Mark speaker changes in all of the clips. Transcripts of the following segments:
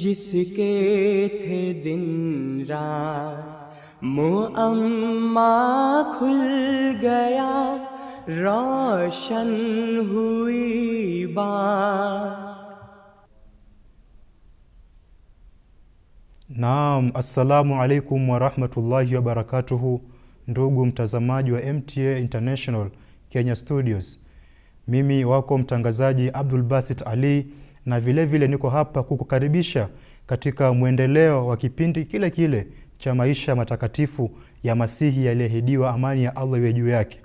Speaker 1: جس کے تھے دن दिन रात کھل گیا روشن ہوئی हुई
Speaker 2: نام السلام assalamu alaikum warahmatullahi وبرکاتہ ndugu mtazamaji wa MTA International Kenya Studios. Mimi wako mtangazaji Abdul Basit Ali na vilevile vile niko hapa kukukaribisha katika mwendeleo wa kipindi kile kile cha maisha matakatifu ya Masihi aliyeahidiwa, amani ya Allah iwe juu yake.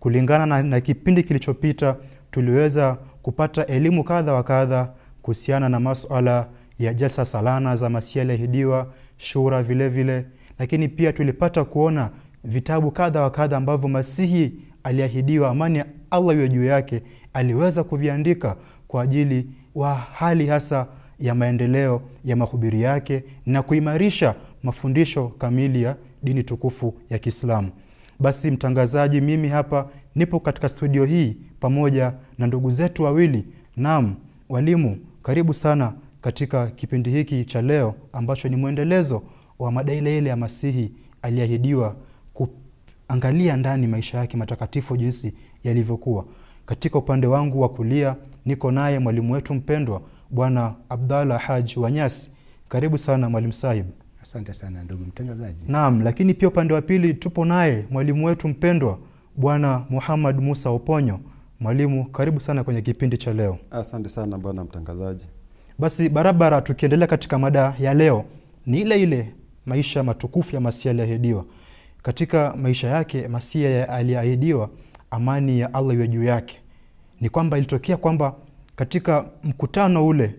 Speaker 2: Kulingana na, na kipindi kilichopita tuliweza kupata elimu kadha wa kadha kuhusiana na maswala ya jalsa salana za Masihi aliyeahidiwa, shura vilevile vile. Lakini pia tulipata kuona vitabu kadha wa kadha ambavyo Masihi aliahidiwa amani ya Allah iwe juu yake, aliweza kuviandika kwa ajili wa hali hasa ya maendeleo ya mahubiri yake na kuimarisha mafundisho kamili ya dini tukufu ya Kiislamu. Basi mtangazaji, mimi hapa nipo katika studio hii pamoja na ndugu zetu wawili. Naam, walimu, karibu sana katika kipindi hiki cha leo ambacho ni mwendelezo wa madaile ile ya Masihi aliyahidiwa Angalia ndani maisha yake matakatifu jinsi yalivyokuwa. Katika upande wangu wa kulia niko naye mwalimu wetu mpendwa Bwana Abdalla Haji Wanyasi. Karibu sana mwalimu sahib
Speaker 3: Asante sana ndugu mtangazaji.
Speaker 2: Naam, lakini pia upande wa pili tupo naye mwalimu wetu mpendwa Bwana Muhammad Musa Oponyo. Mwalimu, karibu sana kwenye kipindi cha leo.
Speaker 4: Asante sana bwana mtangazaji.
Speaker 2: Basi barabara, tukiendelea katika mada ya leo, ni ile ile maisha matukufu ya Masihi aliahidiwa katika maisha yake Masihi aliahidiwa amani ya Allah iwe juu yake. Ni kwamba ilitokea kwamba katika mkutano ule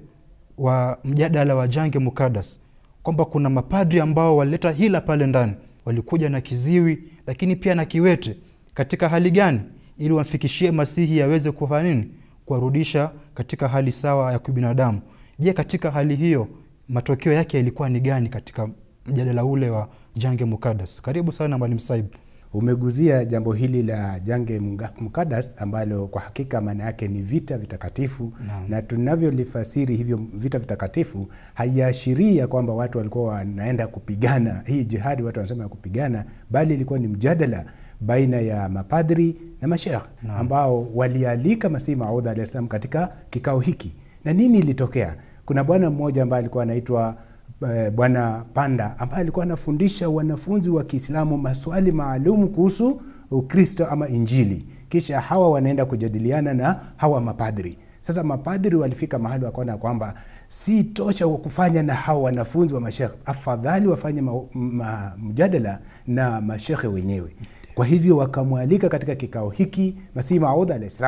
Speaker 2: wa mjadala wa Jange Mukadas kwamba kuna mapadri ambao walileta hila pale ndani, walikuja na kiziwi lakini pia na kiwete. Katika hali gani? Ili wamfikishie Masihi aweze kufanya nini? Kuwarudisha katika hali sawa ya kibinadamu. Je, katika hali hiyo matokeo yake yalikuwa ni gani katika mjadala ule wa Jange Mukadas. Karibu sana Mwalimu Saib.
Speaker 3: Umeguzia jambo hili la Jange Mukadas ambalo kwa hakika maana yake ni vita vitakatifu na, na tunavyolifasiri hivyo vita vitakatifu haiashirii ya kwamba watu walikuwa wanaenda kupigana hii jihadi, watu wanasema ya kupigana, bali ilikuwa ni mjadala baina ya mapadri na mashekh ambao walialika Masihi Maud alaihis salam katika kikao hiki. Na nini ilitokea? Kuna bwana mmoja ambaye alikuwa anaitwa Eh, Bwana Panda ambaye alikuwa anafundisha wanafunzi wa Kiislamu maswali maalum kuhusu Ukristo ama Injili, kisha hawa wanaenda kujadiliana na hawa mapadri. Sasa mapadri walifika mahali wakaona kwamba si tosha wa kufanya na hawa wanafunzi wa mashekhe, afadhali wafanye ma, ma, mjadala na mashekhe wenyewe. Kwa hivyo wakamwalika katika kikao hiki Masihi Maud alaihis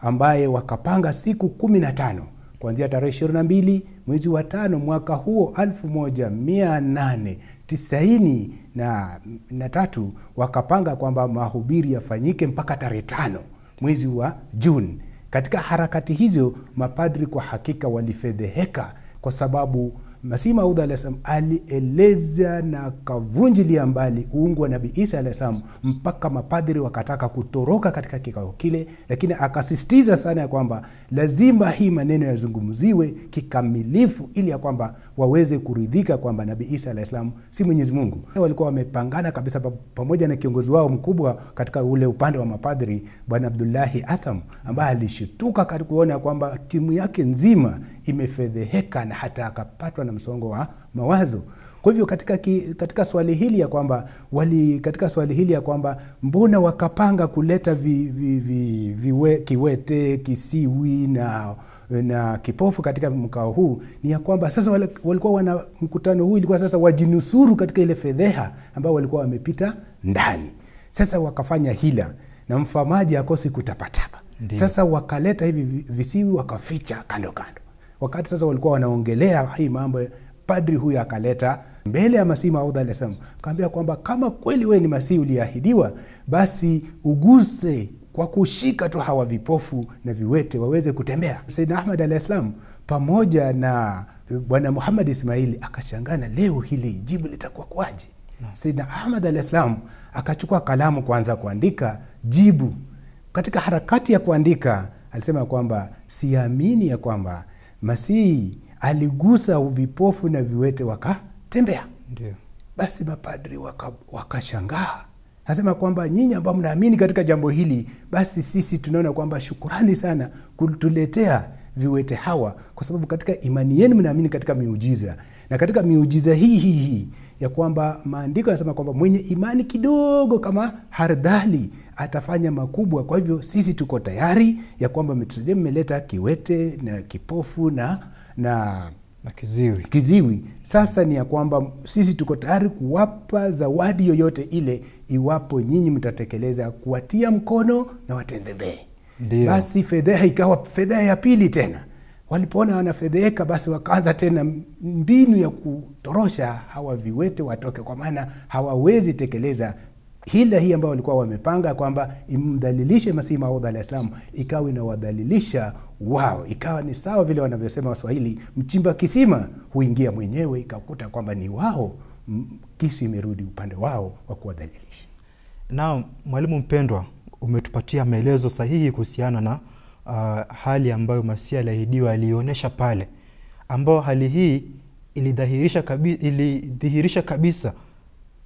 Speaker 3: ambaye wakapanga siku kumi na tano kuanzia tarehe 22 mwezi wa tano mwaka huo 1893 na, na tatu wakapanga kwamba mahubiri yafanyike mpaka tarehe tano mwezi wa Juni. Katika harakati hizo mapadri kwa hakika walifedheheka kwa sababu Masih Maud alaihis alieleza na kavunjilia mbali uungu wa Nabii Isa alaihis salam, mpaka mapadhiri wakataka kutoroka katika kikao kile, lakini akasistiza sana ya kwamba lazima hii maneno yazungumziwe kikamilifu, ili ya kwamba waweze kuridhika kwamba Nabii Isa alaihis salam si Mwenyezi Mungu. Walikuwa wamepangana kabisa pamoja na kiongozi wao mkubwa katika ule upande wa mapadhiri, Bwana Abdullahi Atham ambaye alishituka kuona kwamba timu yake nzima imefedheheka na hata akapatwa na msongo wa mawazo. Kwa hivyo katika, katika swali hili ya kwamba wali, katika swali hili ya kwamba mbona wakapanga kuleta vi, vi, vi, viwe, kiwete kisiwi na na kipofu katika mkao huu ni ya kwamba sasa walikuwa wana mkutano huu ilikuwa sasa wajinusuru katika ile fedheha ambayo walikuwa wamepita ndani. Sasa wakafanya hila na mfamaji akosi kutapatapa. Sasa wakaleta hivi visiwi wakaficha kando kando Wakati sasa walikuwa wanaongelea hii mambo, padri huyu akaleta mbele ya Masihi Maud alah salam kaambia kwamba kama kweli wewe ni Masihi uliyeahidiwa, basi uguse kwa kushika tu hawa vipofu na viwete waweze kutembea. Saidna Ahmad alah salaam pamoja na e, Bwana muhamad Ismaili akashangana, leo hili jibu litakuwa kwaje? Saidna Ahmad alah salaam akachukua kalamu kuanza kuandika jibu. Katika harakati ya kuandika alisema kwamba siamini ya kwamba Masihi aligusa vipofu na viwete wakatembea. Basi mapadri wakashangaa waka nasema kwamba nyinyi ambao mnaamini katika jambo hili, basi sisi tunaona kwamba shukurani sana kutuletea viwete hawa, kwa sababu katika imani yenu mnaamini katika miujiza, na katika miujiza hii hii hii ya kwamba maandiko yanasema kwamba mwenye imani kidogo kama hardhali atafanya makubwa. Kwa hivyo sisi tuko tayari ya kwamba mmetusaidia, mmeleta kiwete na kipofu na na
Speaker 2: na kiziwi.
Speaker 3: Kiziwi sasa ni ya kwamba sisi tuko tayari kuwapa zawadi yoyote ile, iwapo nyinyi mtatekeleza kuwatia mkono na watendebee. Basi fedheha ikawa fedheha ya pili tena Walipoona wanafedheheka, basi wakaanza tena mbinu ya kutorosha hawa viwete watoke, kwa maana hawawezi tekeleza hila hii ambayo walikuwa wamepanga kwamba imdhalilishe Masihi Maud alah ssalam ikawa inawadhalilisha wao, ikawa ni sawa vile wanavyosema Waswahili, mchimba kisima huingia mwenyewe, ikakuta kwamba ni wao kisu imerudi upande wao wa kuwadhalilisha.
Speaker 2: Na mwalimu mpendwa, umetupatia maelezo sahihi kuhusiana na uh, hali ambayo Masihi aliahidiwa alionyesha pale, ambao hali hii ilidhihirisha kabi, ilidhihirisha kabisa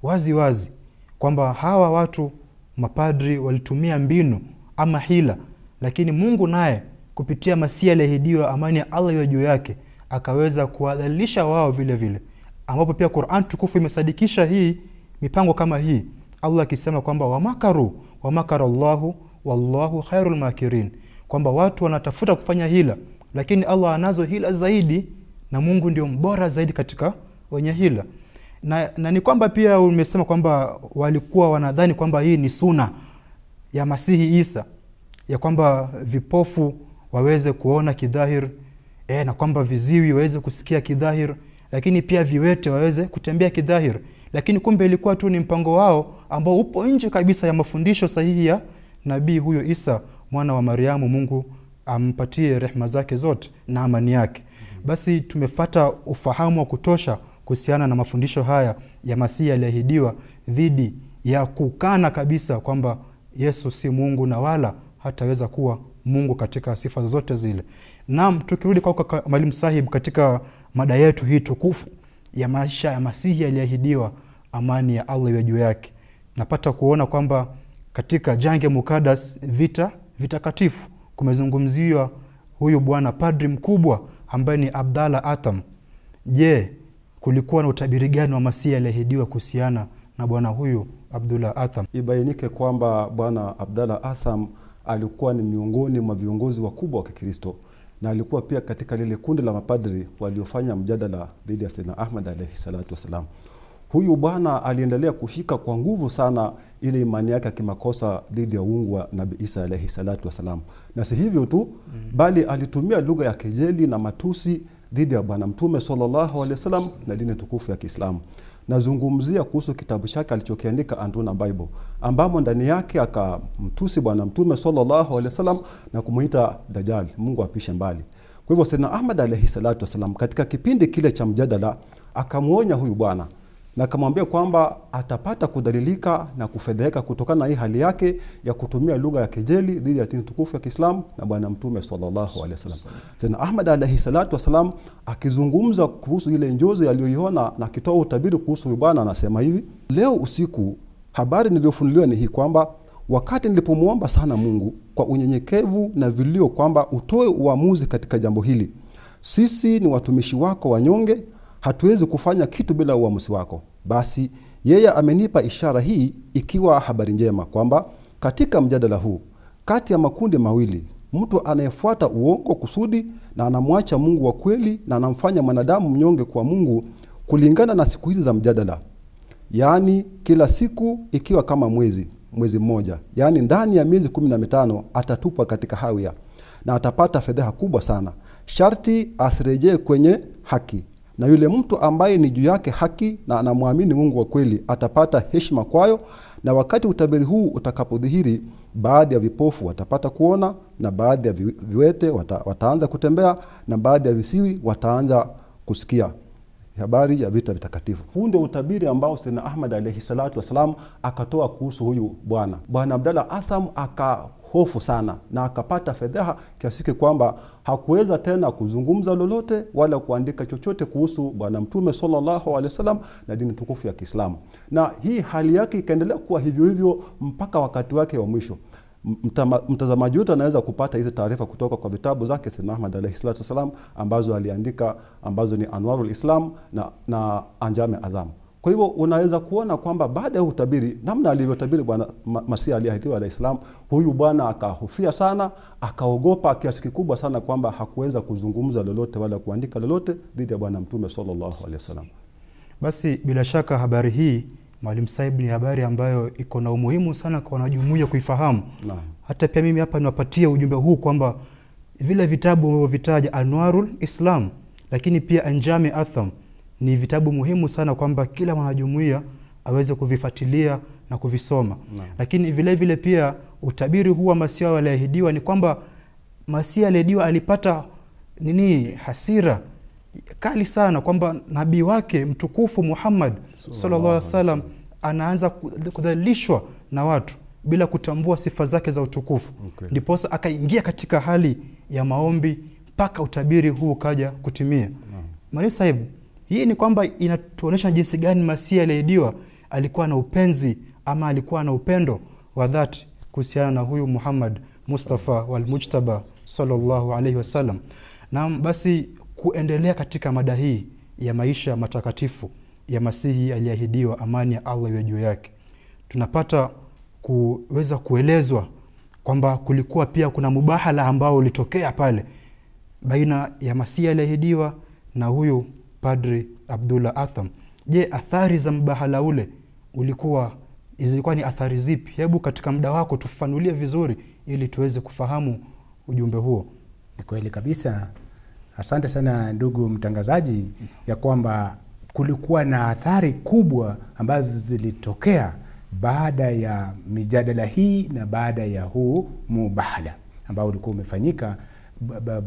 Speaker 2: wazi wazi kwamba hawa watu mapadri walitumia mbinu ama hila, lakini Mungu naye kupitia Masihi aliahidiwa, amani ya Allah iwe juu yake, akaweza kuwadhalilisha wao vile vile, ambapo pia Qur'an tukufu imesadikisha hii mipango kama hii, Allah akisema kwamba wamakaru, wamakara Allahu wallahu khairul makirin kwamba watu wanatafuta kufanya hila, lakini Allah anazo hila zaidi, na Mungu ndio mbora zaidi katika wenye hila. Na, na ni kwamba pia umesema kwamba walikuwa wanadhani kwamba hii ni suna ya Masihi Isa ya kwamba vipofu waweze kuona kidhahir e, na kwamba viziwi waweze kusikia kidhahir, lakini pia viwete waweze kutembea kidhahir, lakini kumbe ilikuwa tu ni mpango wao ambao upo nje kabisa ya mafundisho sahihi ya nabii huyo Isa mwana wa Mariamu, Mungu ampatie rehema zake zote na amani yake. Basi tumefata ufahamu wa kutosha kuhusiana na mafundisho haya ya Masihi aliahidiwa dhidi ya kukana kabisa kwamba Yesu si Mungu na wala hataweza kuwa Mungu katika sifa zote zile. Naam, tukirudi kwako Mwalimu Sahib, katika mada yetu hii tukufu ya maisha ya Masihi aliahidiwa, amani ya Allah iwe juu yake, napata kuona kwamba katika jange mukadas vita vitakatifu kumezungumziwa huyu bwana padri mkubwa ambaye ni Abdalla Atam. Je, kulikuwa na utabiri gani wa Masihi alihidiwa kuhusiana na bwana huyu Abdullah Atham?
Speaker 4: Ibainike kwamba bwana abdalla Atham alikuwa ni miongoni mwa viongozi wakubwa wa Kikristo na alikuwa pia katika lile kundi la mapadri waliofanya mjadala dhidi ya Sayyidina Ahmad alaihi salatu wassalam. Huyu bwana aliendelea kushika kwa nguvu sana ile imani yake ya kimakosa dhidi ya uungu wa Nabii Isa alaihi salatu wassalam, na si hivyo tu mm. bali alitumia lugha ya kejeli na matusi dhidi ya Bwana Mtume sallallahu alaihi wasallam na dini tukufu ya Kiislamu. Nazungumzia kuhusu kitabu chake alichokiandika Antuna Bible, ambamo ndani yake akamtusi Bwana Mtume sallallahu alaihi wasallam na kumuita Dajjal, Mungu apishe mbali. Kwa hivyo Sayyidna Ahmad alaihi salatu wassalam katika kipindi kile cha mjadala akamwonya huyu bwana na akamwambia kwamba atapata kudhalilika na kufedheheka kutokana na hii hali yake ya kutumia lugha ya kejeli dhidi ya dini tukufu ya Kiislamu na Bwana Mtume sallallahu alaihi wasallam. Sayyidna Ahmad alaihi salatu wasalam akizungumza kuhusu ile njozi aliyoiona na akitoa utabiri kuhusu huyu bwana, anasema hivi: leo usiku habari niliyofunuliwa ni hii kwamba wakati nilipomwomba sana Mungu kwa unyenyekevu na vilio kwamba utoe uamuzi katika jambo hili, sisi ni watumishi wako wanyonge hatuwezi kufanya kitu bila uamuzi wako. Basi yeye amenipa ishara hii ikiwa habari njema kwamba katika mjadala huu kati ya makundi mawili, mtu anayefuata uongo kusudi na anamwacha Mungu wa kweli na anamfanya mwanadamu mnyonge kwa Mungu, kulingana na siku hizi za mjadala, yaani kila siku ikiwa kama mwezi mwezi mmoja, yaani ndani ya miezi kumi na mitano atatupwa katika hawia na atapata fedheha kubwa sana. Sharti asirejee kwenye haki na yule mtu ambaye ni juu yake haki na anamwamini Mungu wa kweli atapata heshima kwayo, na wakati utabiri huu utakapodhihiri, baadhi ya vipofu watapata kuona na baadhi ya viwete wata, wataanza kutembea na baadhi ya visiwi wataanza kusikia habari ya vita vitakatifu. Huu ndio utabiri ambao Sayyidina Ahmad alayhi salatu wassalam akatoa kuhusu huyu bwana bwana Abdallah Atham aka hofu sana na akapata fedheha kiasiki kwamba hakuweza tena kuzungumza lolote wala kuandika chochote kuhusu Bwana Mtume sallallahu alaihi wasallam na dini tukufu ya Kiislamu. Na hii hali yake ikaendelea kuwa hivyo hivyo mpaka wakati wake wa mwisho mtazamaji wetu anaweza kupata hizi taarifa kutoka kwa vitabu zake Sayyidna Ahmad alayhi salatu wasalam ambazo aliandika ambazo ni Anwarul Islam na, na Anjame Adham. Kwa hivyo unaweza kuona kwamba baada ya utabiri, namna alivyotabiri Bwana Masihi aliyeahidiwa alayhi salam, huyu bwana akahofia sana, akaogopa kiasi kikubwa sana kwamba hakuweza kuzungumza lolote wala kuandika lolote dhidi ya Bwana Mtume sallallahu alayhi wasallam.
Speaker 2: Basi bila shaka habari hii Mwalimu Saib ni habari ambayo iko na umuhimu sana kwa wanajumuiya kuifahamu na. Hata pia mimi hapa niwapatie ujumbe huu kwamba vile vitabu vitaja Anwarul Islam lakini pia Anjami Atham ni vitabu muhimu sana kwamba kila mwanajumuiya aweze kuvifuatilia na kuvisoma na. Lakini vile vile pia utabiri huu wa Masiha aliyeahidiwa ni kwamba Masiha aliyeahidiwa alipata nini hasira kali sana kwamba nabii wake mtukufu Muhammad sallallahu alaihi wasallam anaanza kudhalilishwa na watu bila kutambua sifa zake za utukufu okay. Ndiposa akaingia katika hali ya maombi mpaka utabiri huu ukaja kutimia. Mwalimu sahibu, hii ni kwamba inatuonyesha jinsi gani Masihi aliyeidiwa alikuwa na upenzi ama alikuwa na upendo wa dhati kuhusiana na huyu Muhammad Mustafa walmujtaba Mujtaba sallallahu alaihi wasallam. Naam, basi kuendelea katika mada hii ya maisha matakatifu ya Masihi aliyeahidiwa, amani ya Allah iwe juu yake, tunapata kuweza kuelezwa kwamba kulikuwa pia kuna mubahala ambao ulitokea pale baina ya Masihi aliyeahidiwa na huyu Padri Abdullah Atham. Je, athari za mbahala ule ulikuwa zilikuwa ni athari zipi? Hebu katika muda wako tufanulie vizuri ili tuweze kufahamu ujumbe huo.
Speaker 3: Ni kweli kabisa. Asante sana ndugu mtangazaji, ya kwamba kulikuwa na athari kubwa ambazo zilitokea baada ya mijadala hii na baada ya huu mubahala ambao ulikuwa umefanyika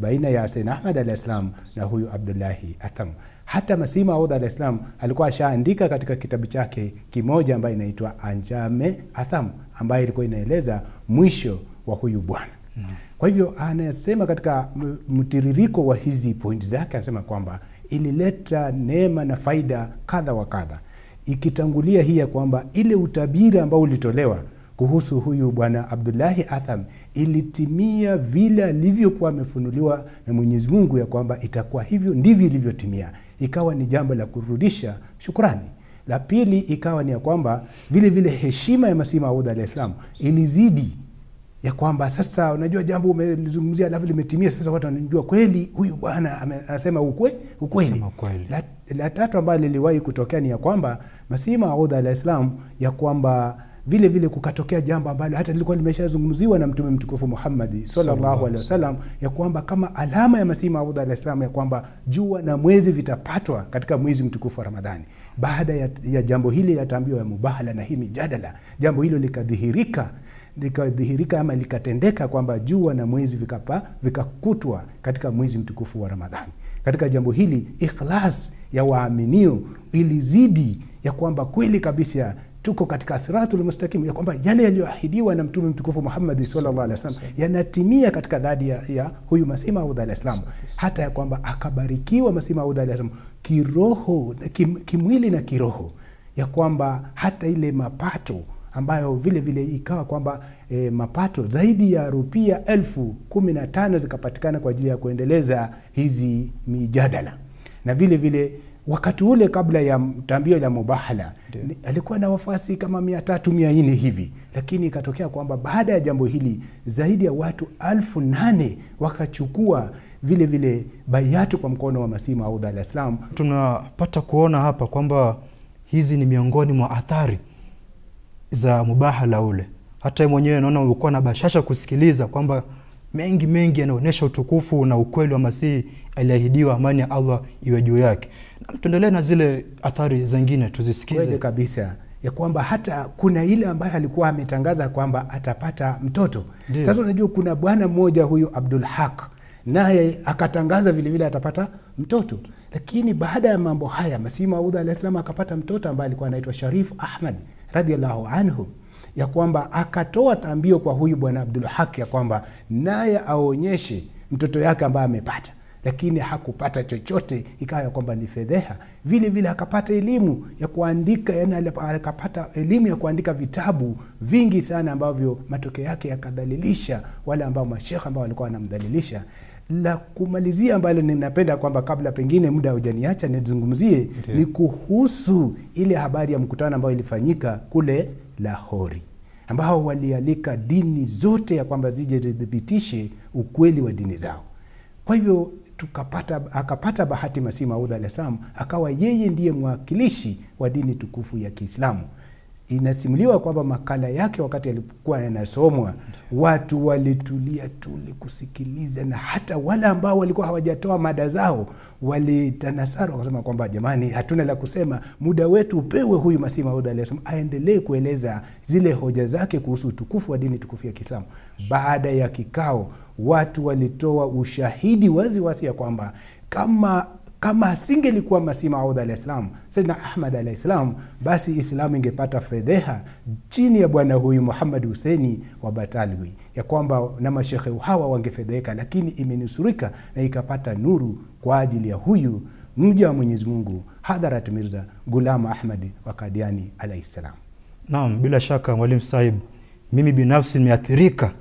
Speaker 3: baina ya Sayyidna Ahmad alaihis ssalam na huyu Abdullahi Atham. Hata Masih Maud alaihis salam alikuwa ashaandika katika kitabu chake kimoja ambayo inaitwa Anjame Atham, ambayo ilikuwa inaeleza mwisho wa huyu bwana mm. Kwa hivyo anasema katika mtiririko wa hizi pointi zake, anasema kwamba ilileta neema na faida kadha wa kadha, ikitangulia hii ya kwamba ile utabiri ambao ulitolewa kuhusu huyu bwana Abdullahi Atham ilitimia vile alivyokuwa amefunuliwa na Mwenyezi Mungu ya kwamba itakuwa hivyo ndivyo ilivyotimia. Ikawa ni jambo la kurudisha shukrani. La pili ikawa ni ya kwamba vile vile heshima ya Masihi Maud alaihis salam ilizidi ya kwamba sasa, unajua jambo umelizungumzia alafu limetimia, sasa watu wanajua kweli huyu bwana anasema ukwe, ukweli. La, la tatu ambayo liliwahi kutokea ni ya kwamba Masihi Maud alaihis salam ya kwamba vile vile kukatokea jambo ambalo hata lilikuwa limeshazungumziwa na Mtume mtukufu Muhammad sallallahu alaihi wasallam ya kwamba kama alama ya Masihi Maud alaihis salam ya kwamba jua na mwezi vitapatwa katika mwezi mtukufu wa Ramadhani. Baada ya, ya jambo hili yataambiwa ya mubahala na hii mijadala, jambo hilo likadhihirika likadhihirika ama likatendeka kwamba jua na mwezi vikapa vikakutwa katika mwezi mtukufu wa Ramadhani. Katika jambo hili ikhlas ya waaminio ilizidi ya kwamba kweli kabisa tuko katika siratul mustaqim, ya kwamba yale yaliyoahidiwa na Mtume mtukufu Muhammad sallalwsalam yanatimia katika dhadi ya, ya huyu Masihi Maud alaihis salam, hata ya kwamba akabarikiwa Masihi Maud alaihis salam kiroho kim, kimwili na kiroho, ya kwamba hata ile mapato ambayo vile vile ikawa kwamba e, mapato zaidi ya rupia elfu kumi na tano zikapatikana kwa ajili ya kuendeleza hizi mijadala na vile vile wakati ule kabla ya tambio la mubahala alikuwa na wafuasi kama mia tatu mia nne hivi, lakini ikatokea kwamba baada ya jambo hili zaidi ya watu alfu nane wakachukua vile vile baiatu kwa mkono wa Masihi Maud
Speaker 2: Tunapata kuona hapa kwamba hizi ni miongoni mwa athari za mubahala ule. Hata yeye mwenyewe naona ulikuwa na bashasha kusikiliza kwamba mengi mengi yanaonyesha utukufu na ukweli wa Masihi aliahidiwa, amani ya Allah iwe juu yake. Na tuendelee na zile athari zingine tuzisikize.
Speaker 3: Kweli kabisa ya kwamba hata kuna ile ambaye alikuwa ametangaza kwamba atapata mtoto. Sasa unajua kuna bwana mmoja huyu Abdul Haq naye akatangaza vilevile vile atapata mtoto, lakini baada ya mambo haya Masihi Maud alaihis akapata mtoto ambaye alikuwa anaitwa Sharif Ahmad radiallahu anhu ya kwamba akatoa tambio kwa huyu bwana Abdul ya kwamba naye aonyeshe mtoto yake ambaye amepata, lakini hakupata chochote, ikawa ya kwamba ni fedheha. Vile vile akapata elimu ya kuandika, yani akapata elimu ya kuandika vitabu vingi sana ambavyo matokeo yake yakadhalilisha wale ambao mashekhe ambao walikuwa wanamdhalilisha la kumalizia ambalo ninapenda kwamba kabla pengine muda hujaniacha nizungumzie ni kuhusu ile habari ya mkutano ambayo ilifanyika kule Lahori ambao walialika dini zote ya kwamba zije zithibitishe ukweli wa dini zao. Kwa hivyo tukapata, akapata Bahati Masih Maud alaihis akawa yeye ndiye mwakilishi wa dini tukufu ya Kiislamu inasimuliwa kwamba makala yake wakati alikuwa yanasomwa watu walitulia tuli kusikiliza, na hata wale ambao walikuwa hawajatoa mada zao walitanasara wakasema kwamba jamani, hatuna la kusema, muda wetu upewe huyu Masihi Maud alayhi aendelee kueleza zile hoja zake kuhusu utukufu wa dini tukufu ya Kiislamu. Baada ya kikao, watu walitoa ushahidi waziwazi ya kwamba kama kama asingelikuwa Masih Maud alaihis salam, Saidina Ahmad alaihis salam, basi Islamu ingepata fedheha chini ya bwana huyu Muhammad huseni wa Batalwi, ya kwamba na mashekhe hawa wangefedheheka, lakini imenusurika na ikapata nuru kwa ajili ya huyu mja wa Mwenyezi Mungu Hadharat Mirza gulam Ahmad wa Kadiani alaihis salam.
Speaker 2: Naam, bila shaka mwalimu sahib, mimi binafsi nimeathirika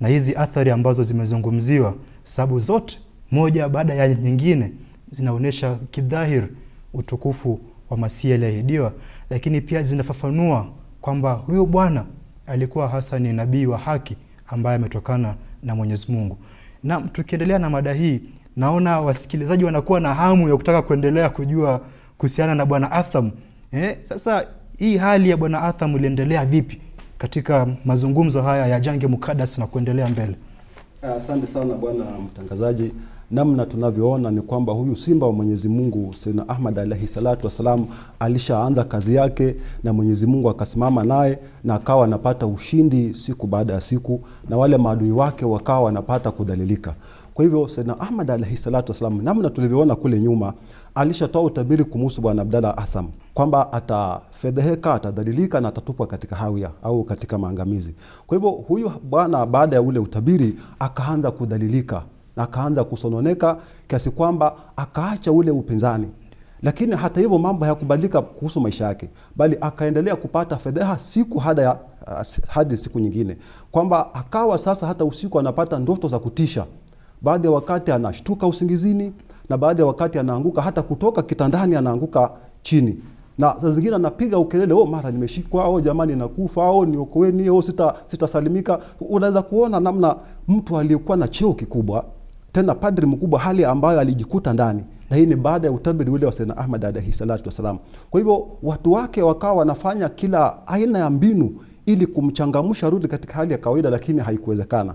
Speaker 2: na hizi athari ambazo zimezungumziwa, sababu zote moja baada ya nyingine zinaonyesha kidhahir utukufu wa Masihi aliyeahidiwa, lakini pia zinafafanua kwamba huyo Bwana alikuwa hasa ni nabii wa haki ambaye ametokana na Mwenyezi Mungu. Na tukiendelea na mada hii, naona wasikilizaji wanakuwa na hamu ya kutaka kuendelea kujua kuhusiana na Bwana Atham. Eh, sasa hii hali ya Bwana Atham iliendelea vipi katika mazungumzo haya ya Jange Mukadas na kuendelea mbele?
Speaker 4: Asante sana bwana mtangazaji namna tunavyoona ni kwamba huyu simba wa Mwenyezi Mungu Sayyidina Ahmad alaihi salatu wassalam alishaanza kazi yake na Mwenyezi Mungu akasimama naye na akawa anapata ushindi siku baada ya siku, na wale maadui wake wakawa wanapata kudhalilika. Kwa hivyo Sayyidina Ahmad alaihi salatu wassalam, namna tulivyoona kule nyuma, alishatoa utabiri kumhusu Bwana Abdalla Atham kwamba atafedheheka, atadhalilika na atatupwa katika hawia au katika maangamizi. Kwa hivyo huyu bwana baada ya ule utabiri akaanza kudhalilika na akaanza kusononeka kiasi kwamba akaacha ule upinzani. Lakini hata hivyo mambo hayakubadilika kuhusu maisha yake, bali akaendelea kupata fedheha siku hada ya, uh, hadi siku nyingine, kwamba akawa sasa hata usiku anapata ndoto za kutisha. Baadhi ya wakati anashtuka usingizini na baadhi ya wakati anaanguka hata kutoka kitandani, anaanguka chini na saa zingine anapiga ukelele, oh, mara nimeshikwa, oh, jamani nakufa, oh, niokoeni, oh, sita sitasalimika. Unaweza kuona namna mtu aliyekuwa na cheo kikubwa tena padri mkubwa, hali ambayo alijikuta ndani, na hii ni baada ya utabiri ule wa Sayyidina Ahmad alayhi salatu wasalam. Kwa hivyo watu wake wakawa wanafanya kila aina ya mbinu ili kumchangamsha rudi katika hali ya kawaida, lakini haikuwezekana.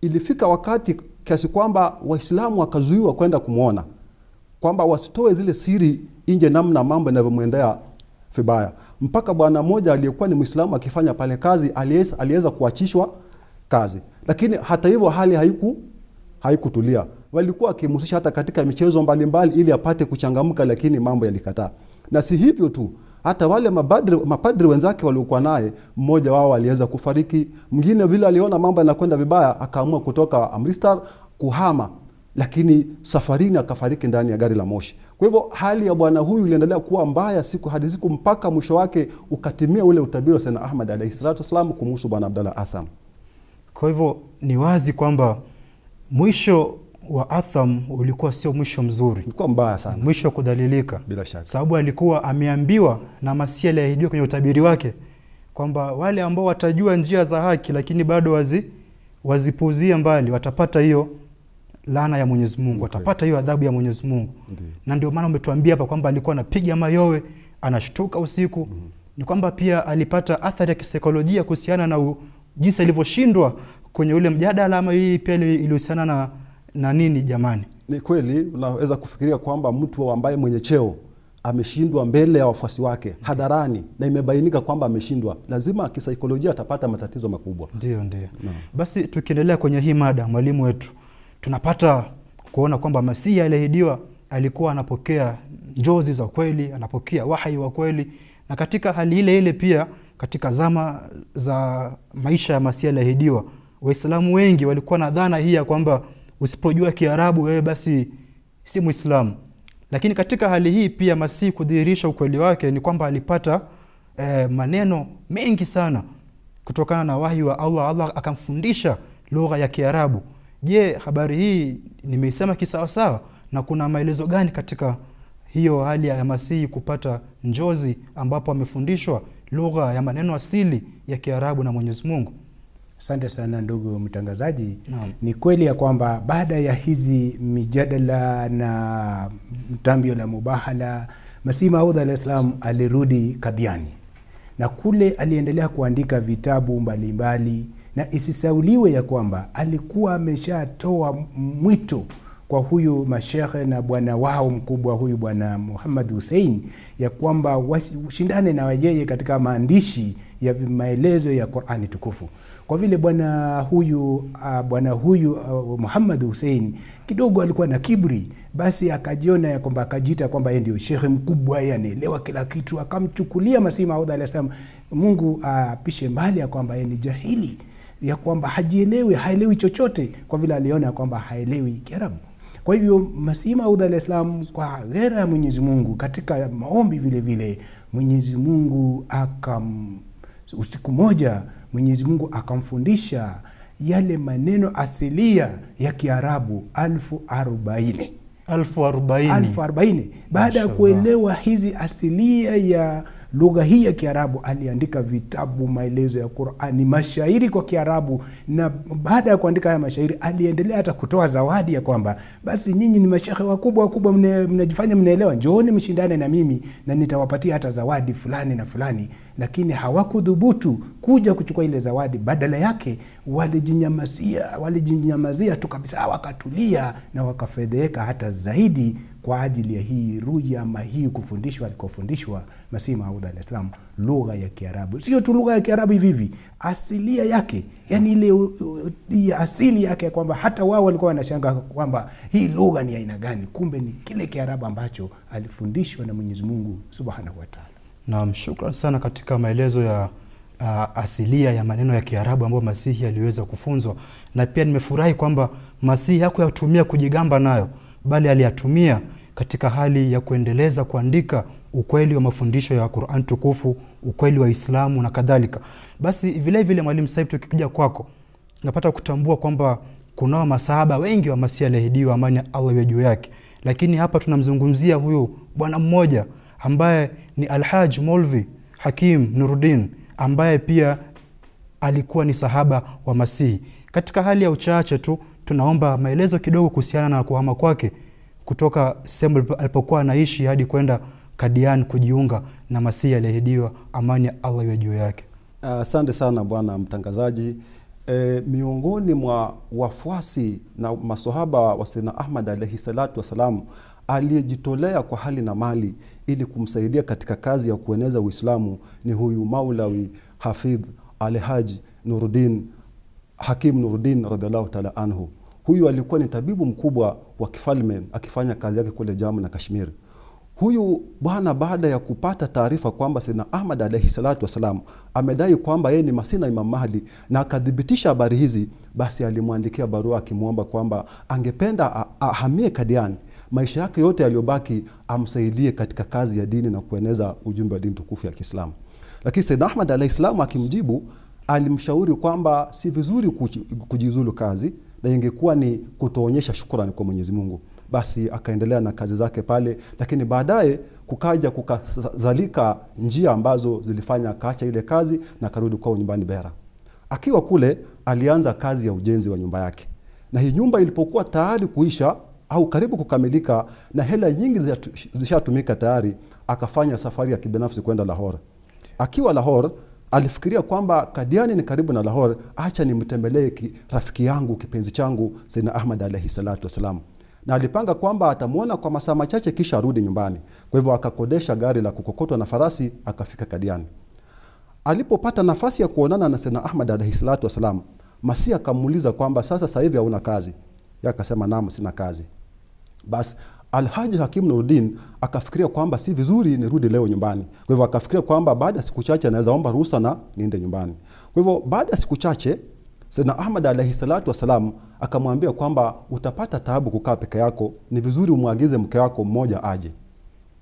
Speaker 4: Ilifika wakati kiasi kwamba Waislamu wakazuiwa kwenda kumwona, kwamba wasitoe zile siri nje, namna mambo yanavyomwendea vibaya. Mpaka bwana mmoja aliyekuwa ni Mwislamu akifanya pale kazi aliweza kuachishwa kazi, lakini hata hivyo hali haiku haikutulia. Walikuwa wakimhusisha hata katika michezo mbalimbali ili apate kuchangamka, lakini mambo yalikataa. Na si hivyo tu, hata wale mabadri, mapadri wenzake waliokuwa naye, mmoja wao aliweza kufariki. Mwingine vile aliona mambo yanakwenda vibaya, akaamua kutoka Amritsar kuhama, lakini safarini akafariki ndani ya gari la moshi. Kwa hivyo hali ya bwana huyu iliendelea kuwa mbaya siku hadi siku, mpaka mwisho wake ukatimia ule utabiri wa Sayyidna Ahmad alaihi salatu wassalam kumhusu bwana Abdallah Atham.
Speaker 2: Kwa hivyo ni wazi kwamba mwisho wa Atham ulikuwa sio mwisho mzuri, ulikuwa mbaya sana, mwisho wa kudhalilika bila shaka, sababu alikuwa ameambiwa na Masia aliahidiwa kwenye utabiri wake kwamba wale ambao watajua njia za haki lakini bado wazi wazipuuzie mbali watapata hiyo laana ya Mwenyezi Mungu, watapata hiyo adhabu ya Mwenyezi Mungu. Na ndio maana umetuambia hapa kwamba alikuwa anapiga mayowe, anashtuka usiku. Mm. Ni kwamba pia alipata athari ya kisaikolojia kuhusiana na jinsi alivyoshindwa kwenye ule mjadala ama hii pia ilihusiana na, na nini jamani?
Speaker 4: Ni kweli unaweza kufikiria kwamba mtu ambaye mwenye cheo ameshindwa mbele ya wafuasi wake hadharani na imebainika kwamba ameshindwa, lazima kisaikolojia atapata matatizo makubwa.
Speaker 2: Ndio, ndio no. Basi tukiendelea kwenye hii mada, mwalimu wetu, tunapata kuona kwamba Masihi aliahidiwa alikuwa anapokea njozi za kweli, anapokea wahai wa kweli, na katika hali ile ile pia katika zama za maisha ya Masihi aliahidiwa Waislamu wengi walikuwa na dhana hii ya kwamba usipojua Kiarabu wewe basi si Mwislamu. Lakini katika hali hii pia Masihi kudhihirisha ukweli wake ni kwamba alipata eh, maneno mengi sana kutokana na wahi wa Allah. Allah akamfundisha lugha ya Kiarabu. Je, habari hii nimeisema kisawasawa? Na kuna maelezo gani katika hiyo hali ya Masihi kupata njozi ambapo amefundishwa lugha ya maneno asili ya Kiarabu na Mwenyezi Mungu?
Speaker 3: Asante sana ndugu mtangazaji. No. Ni kweli ya kwamba baada ya hizi mijadala na mtambio la mubahala, Masihi Maud alaihis alirudi Kadhiani na kule aliendelea kuandika vitabu mbalimbali mbali, na isisauliwe ya kwamba alikuwa ameshatoa mwito kwa huyu mashekhe na bwana wao mkubwa huyu bwana Muhammad Hussein ya kwamba washindane na yeye katika maandishi ya maelezo ya Qur'ani tukufu. Kwa vile bwana huyu uh, bwana huyu uh, Muhammad Hussein kidogo alikuwa na kiburi, basi akajiona ya kwamba akajiita kwamba yeye ndio shekhe mkubwa, yeye anaelewa kila kitu, akamchukulia Masihi Maud alayhi salam, Mungu apishe uh, mbali ya kwamba yeye ni jahili, ya kwamba hajielewi, haelewi chochote, kwa vile aliona kwamba haelewi Kiarabu. Kwa hivyo Masihi Maud alayhi kwa ghera ya Mwenyezi Mungu katika maombi vile vile Mwenyezi Mungu akam Usiku moja Mwenyezi Mungu akamfundisha yale maneno asilia ya Kiarabu alfu arobaini
Speaker 2: alfu
Speaker 3: baada ya kuelewa hizi asilia ya lugha hii ya Kiarabu aliandika vitabu, maelezo ya Qurani, mashairi kwa Kiarabu. Na baada ya kuandika haya mashairi, aliendelea hata kutoa zawadi ya kwamba basi, nyinyi ni mashehe wakubwa wakubwa, mnajifanya mnaelewa, njooni mshindane na mimi na nitawapatia hata zawadi fulani na fulani. Lakini hawakudhubutu kuja kuchukua ile zawadi, badala yake walijinyamazia, walijinyamazia tu kabisa, wakatulia na wakafedheeka hata zaidi kwa ajili ya hii ruya ama hii kufundishwa alikofundishwa Masihi Maud alaihis salam lugha ya Kiarabu. Sio tu lugha ya Kiarabu hivi hivi, asilia yake, yani ile uh, uh, ya asili yake, kwamba hata wao walikuwa wanashanga kwamba hii lugha ni aina gani, kumbe ni kile Kiarabu ambacho alifundishwa na Mwenyezi Mungu subhanahu wataala.
Speaker 2: Naam, shukran sana katika maelezo ya uh, asilia ya maneno ya Kiarabu ambayo Masihi aliweza kufunzwa, na pia nimefurahi kwamba Masihi hakuyatumia kujigamba nayo bali aliyatumia katika hali ya kuendeleza kuandika ukweli wa mafundisho ya Qur'an tukufu, ukweli wa Islamu na kadhalika. Basi vile vile, Mwalimu Saib, tukikuja kwako, napata kutambua kwamba kunao masahaba wengi wa Masihi aliyeahidiwa, amani Allah iwe juu yake, lakini hapa tunamzungumzia huyu bwana mmoja ambaye ni Alhaj Molvi Hakim Nuruddin ambaye pia alikuwa ni sahaba wa Masihi. Katika hali ya uchache tu tunaomba maelezo kidogo kuhusiana na kuhama kwake kutoka sehemu alipokuwa anaishi hadi kwenda Kadian kujiunga na Masihi aliyeahidiwa. Amani ya Allah iwe juu yake.
Speaker 4: Asante uh, sana bwana mtangazaji. E, miongoni mwa wafuasi na masohaba wa sena Ahmad alaihi salatu wassalam aliyejitolea kwa hali na mali ili kumsaidia katika kazi ya kueneza Uislamu ni huyu Maulawi Hafidh Alhaji nurudin Hakim Nuruddin radhiallahu taala anhu. Huyu alikuwa ni tabibu mkubwa wa kifalme akifanya kazi yake kule Jamu na Kashmir. Huyu bwana baada ya kupata taarifa kwamba Sayyidina Ahmad alaihi salatu wassalam amedai kwamba yeye ni Masih na Imam Mahdi na akathibitisha habari hizi, basi alimwandikia barua akimwomba kwamba angependa ahamie kadiani maisha yake yote yaliyobaki amsaidie katika kazi ya dini na kueneza ujumbe wa dini tukufu ya Kiislamu. Lakini Sayyidina Ahmad alaihi salamu akimjibu alimshauri kwamba si vizuri kujiuzulu kazi na ingekuwa ni kutoonyesha shukrani kwa Mwenyezi Mungu. Basi akaendelea na kazi zake pale, lakini baadaye kukaja kukazalika njia ambazo zilifanya akaacha ile kazi na akarudi kwao nyumbani Bera. Akiwa kule alianza kazi ya ujenzi wa nyumba yake, na hii nyumba ilipokuwa tayari kuisha au karibu kukamilika na hela nyingi zishatumika tayari, akafanya safari ya kibinafsi kwenda Lahore. Akiwa Lahore alifikiria kwamba Kadiani ni karibu na Lahore, acha nimtembelee rafiki yangu kipenzi changu Sayyidina Ahmad alaihi salatu wassalam na alipanga kwamba atamwona kwa masaa machache kisha arudi nyumbani. Kwa hivyo akakodesha gari la kukokotwa na farasi akafika Kadiani. Alipopata nafasi ya kuonana na Sayyidina Ahmad alaihi salatu wassalam, Masihi akamuuliza kwamba sasa sasa hivi hauna kazi? Yeye akasema naam, sina kazi. Basi Alhaji Hakim Nuruddin akafikiria kwamba si vizuri nirudi leo nyumbani. Kwa hivyo akafikiria kwamba baada ya siku chache anaweza omba ruhusa na niende nyumbani. Kwa hivyo baada ya siku chache Sayyidina Ahmad alayhi salatu wasalam akamwambia kwamba utapata taabu kukaa peke yako, ni vizuri umwagize mke wako mmoja aje.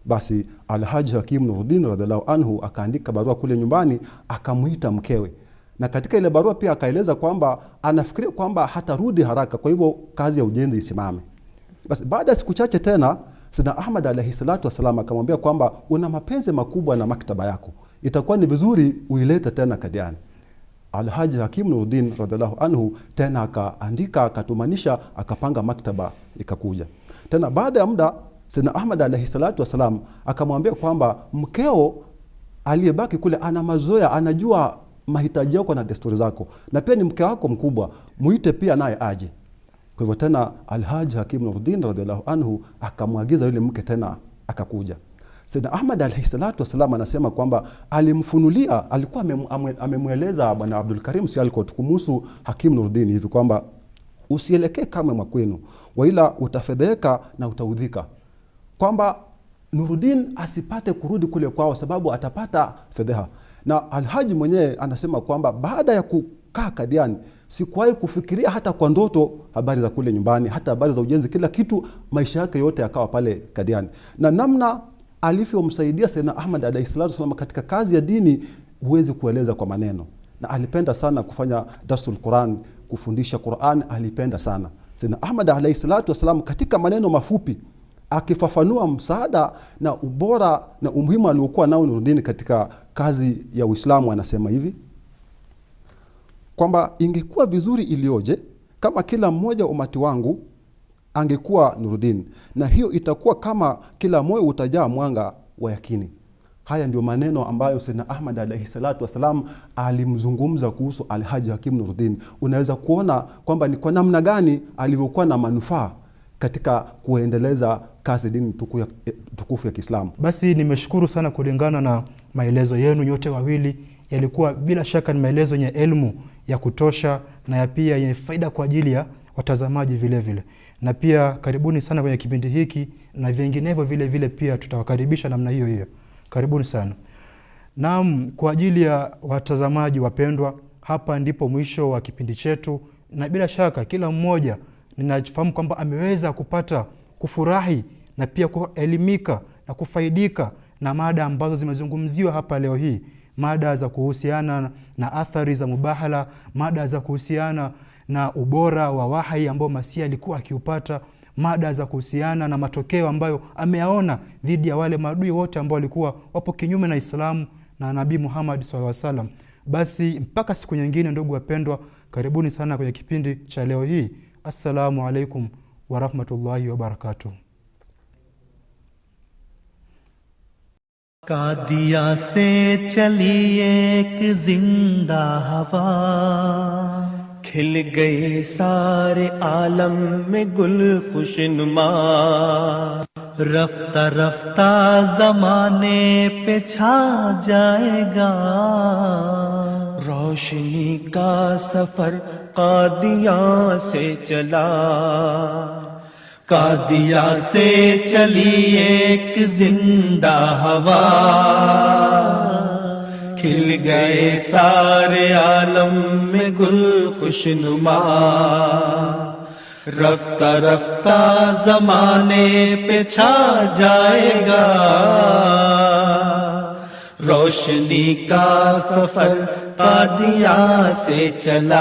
Speaker 4: Basi Alhaji Hakim Nuruddin radhiallahu anhu akaandika barua kule nyumbani, akamwita mkewe na katika ile barua pia akaeleza kwamba anafikiria kwamba hatarudi haraka, kwa hivyo kazi ya ujenzi isimame. Basi baada ya siku chache tena Sina Ahmad alayhi salatu wassalam akamwambia kwamba una mapenzi makubwa na maktaba yako, itakuwa ni vizuri uilete tena Kadiani. Alhaji Hakim Nuruddin radhiallahu anhu tena akaandika, akatumanisha, akapanga maktaba ikakuja tena. Baada ya muda Sina Ahmad alayhi salatu wassalam akamwambia kwamba mkeo aliyebaki kule ana mazoea, anajua mahitaji yako na desturi zako, na pia ni mke wako mkubwa, muite pia naye aje. Kwa hivyo tena Alhaji Hakim Nuruddin radhiallahu anhu akamwagiza yule mke tena akakuja. Sayyidna Ahmad alayhi salatu wasalam anasema kwamba alimfunulia, alikuwa amemweleza bwana Abdul Karim Sialkot kumhusu Hakim Nuruddin hivi kwamba usielekee kamwe mwakwenu, waila utafedheeka na utaudhika, kwamba Nuruddin asipate kurudi kule kwao, sababu atapata fedheha. Na Alhaji mwenyewe anasema kwamba baada ya kaka kadiani sikuwahi kufikiria hata kwa ndoto habari za kule nyumbani, hata habari za ujenzi, kila kitu. Maisha yake yote yakawa pale Kadiani, na namna alivyomsaidia sena Ahmad alayhi katika kazi ya dini huwezi kueleza kwa maneno, na alipenda sana kufanya darsulquran kufundisha Quran alipenda sana sena Ahmad alahi salatu wassalam Katika maneno mafupi akifafanua msaada na ubora na umuhimu aliokuwa nao nurudini katika kazi ya Uislamu, anasema hivi kwamba ingekuwa vizuri iliyoje kama kila mmoja umati wangu angekuwa nurudin na hiyo itakuwa kama kila moyo utajaa mwanga wa yakini. Haya ndio maneno ambayo sena Ahmad alaihi salatu wassalam alimzungumza kuhusu Alhaji Hakim nurudin Unaweza kuona kwamba ni kwa namna gani alivyokuwa na manufaa katika kuendeleza kazi dini tukufu ya Kiislamu.
Speaker 2: Basi nimeshukuru sana kulingana na maelezo yenu nyote wawili yalikuwa bila shaka ni maelezo yenye elmu ya kutosha na ya pia yenye faida kwa ajili ya watazamaji vile vile. Na pia karibuni sana kwenye kipindi hiki na vinginevyo vile vile, pia tutawakaribisha namna hiyo hiyo. Karibuni sana. Naam, kwa ajili ya watazamaji wapendwa, hapa ndipo mwisho wa kipindi chetu, na bila shaka kila mmoja ninafahamu kwamba ameweza kupata kufurahi na pia kuelimika na kufaidika na mada ambazo zimezungumziwa hapa leo hii mada za kuhusiana na athari za mubahala, mada za kuhusiana na ubora wa wahai ambao masia alikuwa akiupata, mada za kuhusiana na matokeo ambayo ameyaona dhidi ya wale maadui wote ambao walikuwa wapo kinyume na Islamu na Nabii Muhammad sallallahu Basi mpaka siku nyingine, ndugu wapendwa, karibuni sana kwenye kipindi cha leo hii. Assalamu alaikum warahmatullahi wabarakatuh.
Speaker 1: کا سے چلی ایک زندہ ہوا کھل گئے سارے عالم میں گل خوش نما رفتہ رفتہ زمانے پہ چھا جائے گا روشنی کا سفر کا سے چلا قادیا سے چلی ایک زندہ ہوا کھل گئے سارے عالم میں گل خوش نما رفتہ رفتہ زمانے پہ چھا جائے گا روشنی کا سفر قادیا سے چلا